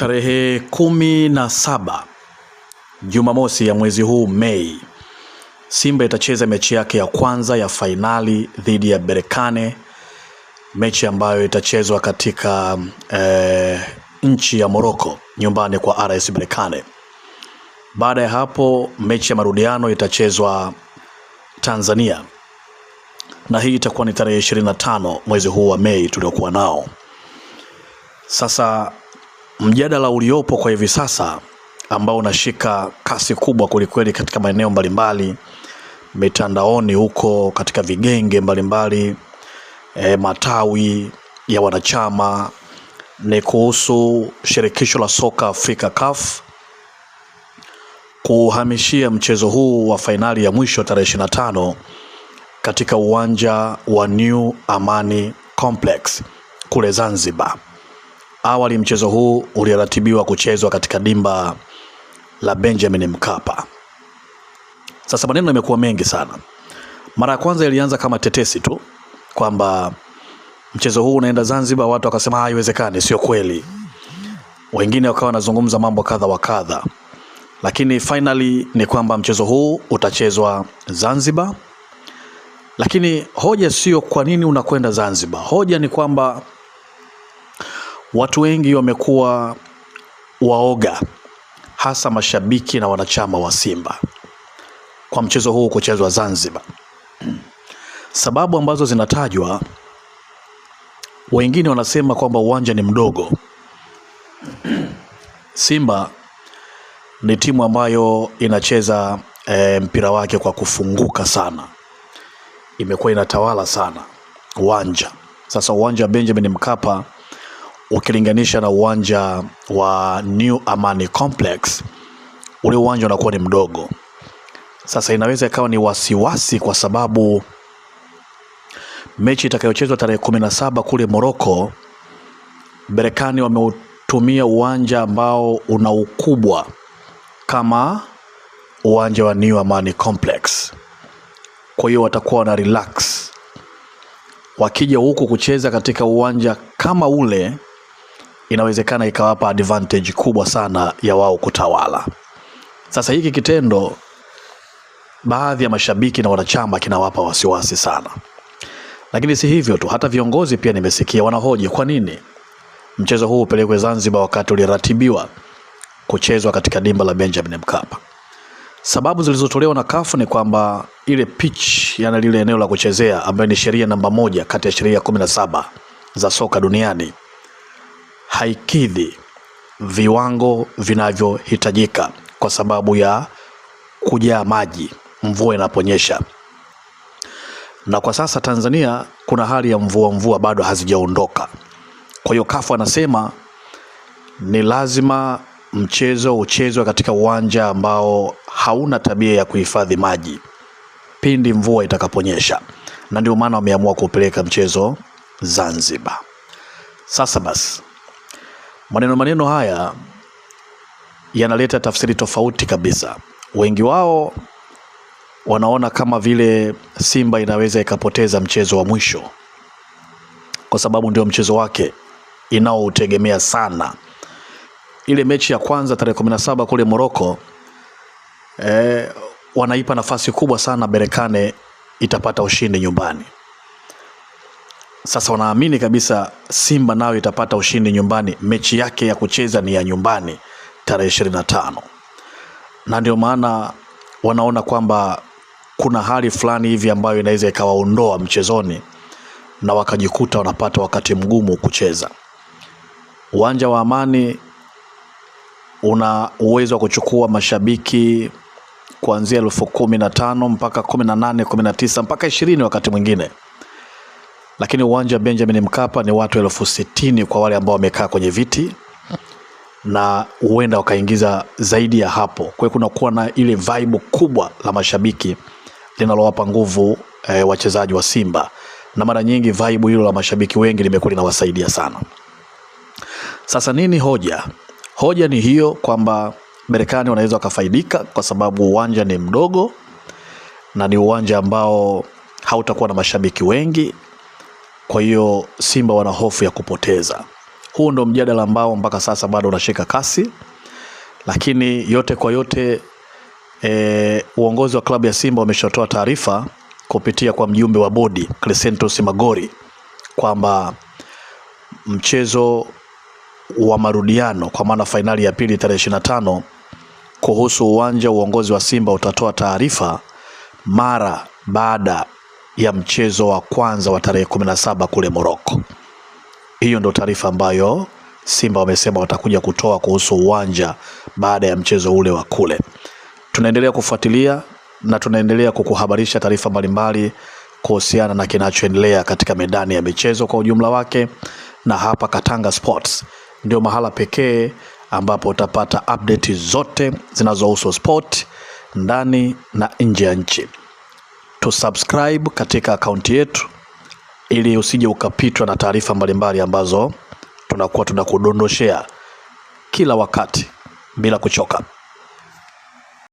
Tarehe kumi na saba Jumamosi ya mwezi huu Mei, Simba itacheza mechi yake ya kwanza ya fainali dhidi ya berekane mechi ambayo itachezwa katika eh, nchi ya moroko nyumbani kwa RS Berkane. Baada ya hapo, mechi ya marudiano itachezwa Tanzania, na hii itakuwa ni tarehe 25 mwezi huu wa Mei tuliokuwa nao sasa Mjadala uliopo kwa hivi sasa ambao unashika kasi kubwa kwelikweli katika maeneo mbalimbali mitandaoni huko katika vigenge mbalimbali e, matawi ya wanachama ni kuhusu shirikisho la soka Afrika CAF kuhamishia mchezo huu wa fainali ya mwisho tarehe 25 katika uwanja wa New Amani Complex kule Zanzibar. Awali mchezo huu uliratibiwa kuchezwa katika dimba la Benjamin Mkapa. Sasa maneno yamekuwa mengi sana. Mara ya kwanza ilianza kama tetesi tu kwamba mchezo huu unaenda Zanzibar, watu wakasema ah, haiwezekani, sio kweli. Wengine wakawa wanazungumza mambo kadha wa kadha, lakini finally ni kwamba mchezo huu utachezwa Zanzibar. Lakini hoja sio kwa nini unakwenda Zanzibar, hoja ni kwamba Watu wengi wamekuwa waoga, hasa mashabiki na wanachama wa Simba kwa mchezo huu kuchezwa Zanzibar. Sababu ambazo zinatajwa, wengine wanasema kwamba uwanja ni mdogo. Simba ni timu ambayo inacheza e, mpira wake kwa kufunguka sana, imekuwa inatawala sana uwanja. Sasa uwanja wa Benjamin Mkapa ukilinganisha na uwanja wa New Amani Complex, ule uwanja unakuwa ni mdogo. Sasa inaweza ikawa ni wasiwasi kwa sababu mechi itakayochezwa tarehe kumi na saba kule Morocco, berekani wameutumia uwanja ambao una ukubwa kama uwanja wa New Amani Complex. Kwa hiyo watakuwa wana relax wakija huku kucheza katika uwanja kama ule inawezekana ikawapa advantage kubwa sana ya wao kutawala. Sasa hiki kitendo baadhi ya mashabiki na wanachama kinawapa wasiwasi sana, lakini si hivyo tu, hata viongozi pia nimesikia wanahoji kwa nini mchezo huu upelekwe Zanzibar wakati uliratibiwa kuchezwa katika dimba la Benjamin Mkapa. Sababu zilizotolewa na kafu ni kwamba ile pitch, yani lile eneo la kuchezea, ambayo ni sheria namba moja kati ya sheria kumi na saba za soka duniani haikidhi viwango vinavyohitajika kwa sababu ya kujaa maji mvua inaponyesha. Na kwa sasa Tanzania kuna hali ya mvua mvua bado hazijaondoka. Kwa hiyo kafu anasema ni lazima mchezo uchezwe katika uwanja ambao hauna tabia ya kuhifadhi maji pindi mvua itakaponyesha, na ndio maana wameamua kupeleka mchezo Zanzibar. Sasa basi Maneno maneno haya yanaleta tafsiri tofauti kabisa. Wengi wao wanaona kama vile Simba inaweza ikapoteza mchezo wa mwisho, kwa sababu ndio mchezo wake inaoutegemea sana. Ile mechi ya kwanza tarehe 17 kule Moroko eh, wanaipa nafasi kubwa sana Berekane itapata ushindi nyumbani sasa wanaamini kabisa Simba nayo itapata ushindi nyumbani. Mechi yake ya kucheza ni ya nyumbani tarehe 25, na ndio maana wanaona kwamba kuna hali fulani hivi ambayo inaweza ikawaondoa mchezoni na wakajikuta wanapata wakati mgumu kucheza. Uwanja wa Amani una uwezo wa kuchukua mashabiki kuanzia elfu kumi na tano mpaka kumi na nane kumi na tisa mpaka ishirini wakati mwingine lakini uwanja wa Benjamin Mkapa ni watu elfu sitini kwa wale ambao wamekaa kwenye viti na huenda wakaingiza zaidi ya hapo. Kwa hiyo kunakuwa na ile vibe kubwa la mashabiki linalowapa nguvu e, wachezaji wa Simba, na mara nyingi vibe hilo la mashabiki wengi limekuwa linawasaidia sana. Sasa nini hoja? Hoja ni hiyo kwamba Marekani wanaweza wakafaidika kwa sababu uwanja ni mdogo na ni uwanja ambao hautakuwa na mashabiki wengi kwa hiyo Simba wana hofu ya kupoteza. Huu ndo mjadala ambao mpaka sasa bado unashika kasi, lakini yote kwa yote e, uongozi wa klabu ya Simba wameshatoa taarifa kupitia kwa mjumbe wa bodi Crescentos Magori kwamba mchezo wa marudiano kwa maana fainali ya pili tarehe 25 kuhusu uwanja, uongozi wa Simba utatoa taarifa mara baada ya mchezo wa kwanza wa tarehe 17 kule Moroko. Hiyo ndo taarifa ambayo Simba wamesema watakuja kutoa kuhusu uwanja baada ya mchezo ule wa kule. Tunaendelea kufuatilia na tunaendelea kukuhabarisha taarifa mbalimbali kuhusiana na kinachoendelea katika medani ya michezo kwa ujumla wake, na hapa Katanga Sports ndio mahala pekee ambapo utapata update zote zinazohusu sport ndani na nje ya nchi tusubscribe katika akaunti yetu ili usije ukapitwa na taarifa mbalimbali ambazo tunakuwa tunakudondoshea kila wakati bila kuchoka.